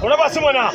돌아봐 아, 승원아